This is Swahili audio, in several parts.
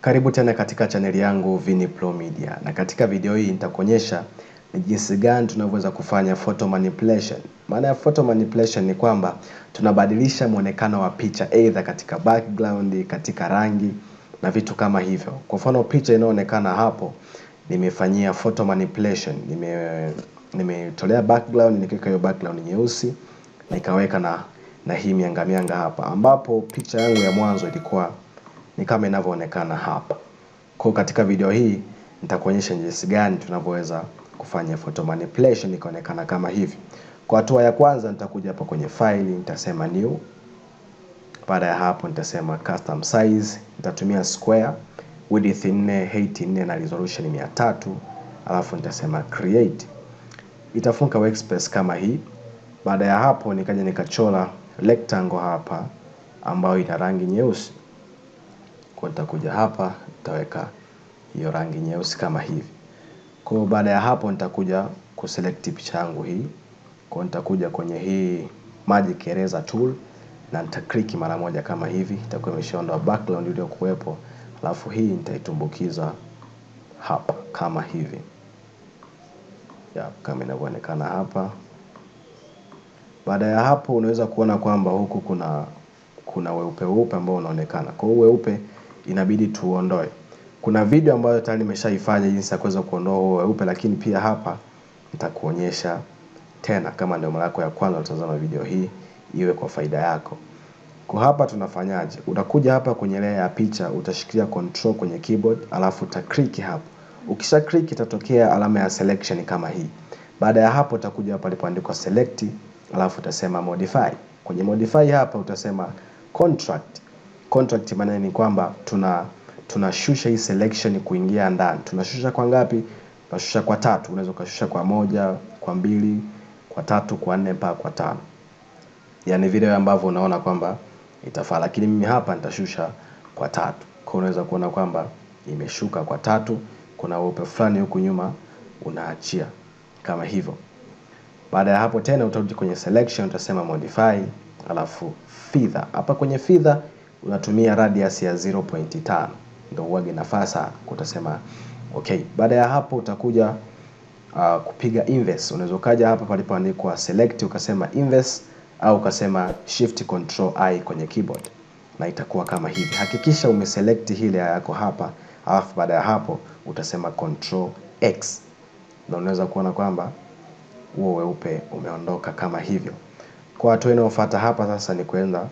Karibu tena katika chaneli yangu Vinipro Media, na katika video hii nitakuonyesha ni jinsi gani tunavyoweza kufanya photo manipulation. Maana ya photo manipulation ni kwamba tunabadilisha mwonekano wa picha either katika background, katika rangi na vitu kama hivyo. Kwa mfano picha inayoonekana hapo nimefanyia photo manipulation, nime nimetolea background, nikaweka hiyo background nyeusi, nikaweka na na hii miangamianga hapa, ambapo picha yangu ya mwanzo ilikuwa ni kama inavyoonekana hapa. Kwa katika video hii nitakuonyesha jinsi gani tunavyoweza kufanya photo manipulation ikaonekana kama hivi. Kwa hatua ya kwanza nitakuja hapa kwenye file nitasema new. Baada ya hapo nitasema custom size, nitatumia square, width 4, height 4 na resolution 300, alafu nitasema create. Itafunga workspace kama hii. Baada ya hapo nikaja nikachora rectangle hapa ambayo ina rangi nyeusi. Kwa nitakuja hapa, nitaweka hiyo rangi nyeusi kama hivi. Kwa hiyo baada ya hapo nitakuja kuselect picha yangu hii. Kwa nitakuja kwenye hii Magic Eraser tool na nitaclick mara moja kama hivi, itakuwa imeshaondoa background iliyokuwepo. Alafu hii nitaitumbukiza hapa kama hivi. Ya, kama inavyoonekana hapa. Baada ya hapo unaweza kuona kwamba huku kuna kuna weupe weupe ambao unaonekana. Kwa hiyo weupe inabidi tuondoe. Kuna video ambayo tayari nimeshaifanya jinsi ya kuweza kuondoa huo weupe, lakini pia hapa nitakuonyesha tena, kama ndio mara yako ya kwanza unatazama video hii, iwe kwa faida yako. Kwa hapa tunafanyaje? Utakuja hapa kwenye layer ya picha, utashikilia control kwenye keyboard, alafu uta click hapo. Ukisha click itatokea alama ya selection kama hii. Baada ya hapo utakuja hapa palipoandikwa select, alafu utasema modify. Kwenye modify hapa utasema contract contract maana ni kwamba tuna tunashusha hii selection kuingia ndani. Tunashusha kwa ngapi? Tunashusha kwa tatu. Unaweza ukashusha kwa moja, kwa mbili, kwa tatu, kwa nne mpaka kwa tano, yaani vile ambavyo unaona kwamba itafaa, lakini mimi hapa nitashusha kwa tatu. Kwa unaweza kuona kwamba imeshuka kwa tatu, kuna weupe fulani huku nyuma unaachia kama hivyo. Baada ya hapo tena utarudi kwenye selection, utasema modify, alafu fidha. Hapa kwenye fidha unatumia radius ya 0.5 ndio huage nafaa sana utasema okay. Baada ya hapo utakuja uh, kupiga inverse. Unaweza ukaja hapa palipoandikwa select ukasema inverse au ukasema shift control i kwenye keyboard na itakuwa kama hivi. Hakikisha umeselect ile yako hapa, alafu baada ya hapo utasema control x na unaweza kuona kwamba huo weupe umeondoka kama hivyo. Kwa hatua inayofuata hapa sasa ni kwenda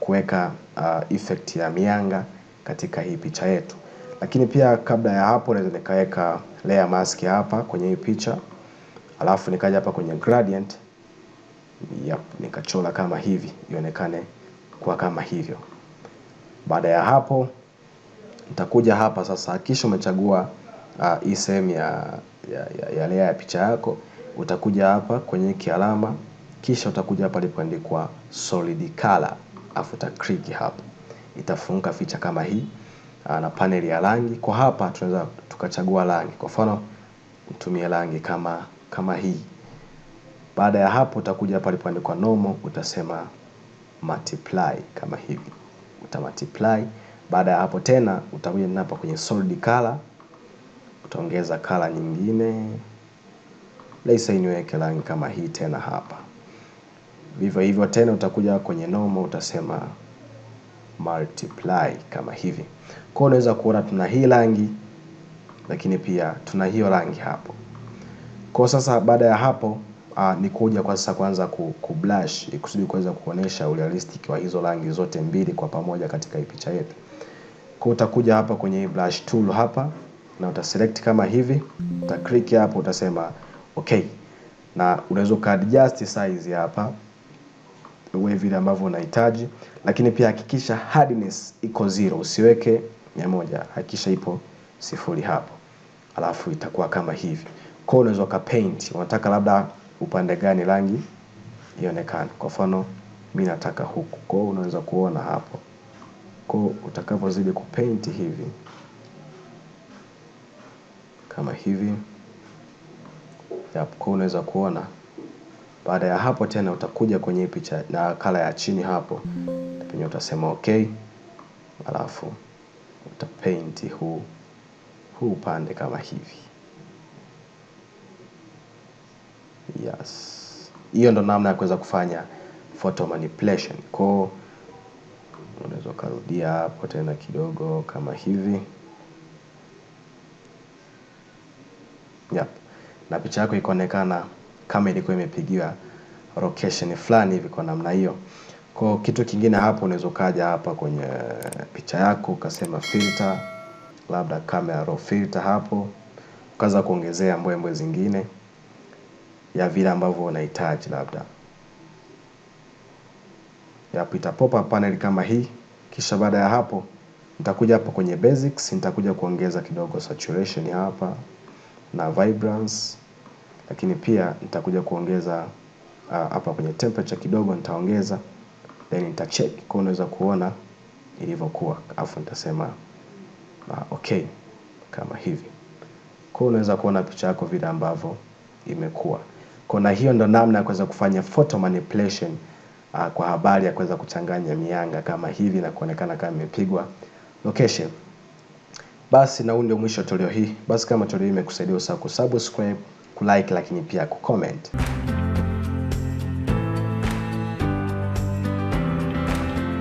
kuweka uh, effect ya mianga katika hii picha yetu. Lakini pia kabla ya hapo naweza nikaweka layer mask hapa kwenye hii picha, alafu nikaja hapa kwenye gradient yep, nikachola kama hivi ionekane kuwa kama hivyo. Baada ya hapo nitakuja hapa sasa, kisha umechagua uh, hii uh, sehemu ya, ya, ya, ya layer ya picha yako, utakuja hapa kwenye kialama, kisha utakuja hapa ilipoandikwa solid color afuta takliki hapa itafunguka ficha kama hii ah, na panel ya rangi. Kwa hapa tunaweza tukachagua rangi, kwa mfano mtumie rangi kama kama hii. Baada ya hapo utakuja pale palipoandikwa normal, utasema multiply kama hivi, uta multiply. Baada ya hapo tena utakuja hapa kwenye solid color, utaongeza color nyingine, let's say niweke rangi kama hii tena hapa. Vivyo hivyo tena utakuja kwenye noma utasema multiply kama hivi. Kwa hiyo unaweza kuona tuna hii rangi lakini pia tuna hiyo rangi hapo. Kwa sasa baada ya hapo aa, ah, ni kuja kwa sasa kwanza ku, ku blush ikusudi kuweza kuonesha urealistic wa hizo rangi zote mbili kwa pamoja katika hii picha yetu. Kwa utakuja hapa kwenye hii blush tool hapa na utaselect kama hivi, uta click hapo utasema okay. Na unaweza ku adjust size hapa wewe vile ambavyo unahitaji, lakini pia hakikisha hardness iko zero, usiweke mia moja, hakikisha ipo sifuri hapo, alafu itakuwa kama hivi. Kwa unaweza ukapaint, unataka labda upande gani rangi ionekane. Kwa mfano mi nataka huku, kwa hiyo unaweza kuona hapo. Kwa utakapozidi kupaint hivi kama hivi, yep, kwa unaweza kuona baada ya hapo tena utakuja kwenye picha na kala ya chini hapo, penye utasema ok alafu utapaint huu huu upande kama hivi. Yes, hiyo ndo namna ya kuweza kufanya photo manipulation. Kwa unaweza ukarudia hapo tena kidogo kama hivi yep. Na picha yako ikaonekana kama ilikuwa imepigiwa location fulani hivi kwa namna hiyo. Kwa kitu kingine hapo, unaweza ukaja hapa kwenye picha yako ukasema filter, labda camera raw filter hapo, ukaanza kuongezea mbwembwe zingine ya vile ambavyo unahitaji labda hapo ita pop up panel kama hii. Kisha baada ya hapo nitakuja hapo kwenye basics, nitakuja kuongeza kidogo saturation hapa na vibrance lakini pia nitakuja kuongeza ah, hapa kwenye temperature kidogo nitaongeza then nitacheck kwa unaweza kuona ilivyokuwa afu nitasema uh, okay kama hivi kwa unaweza kuona picha yako vile ambavyo imekuwa kwa na hiyo ndo namna ya kuweza kufanya photo manipulation uh, kwa habari ya kuweza kuchanganya mianga kama hivi na kuonekana kama imepigwa location basi na huu ndio mwisho wa toleo hii basi kama toleo hii imekusaidia usahau kusubscribe kulike, lakini pia kucomment.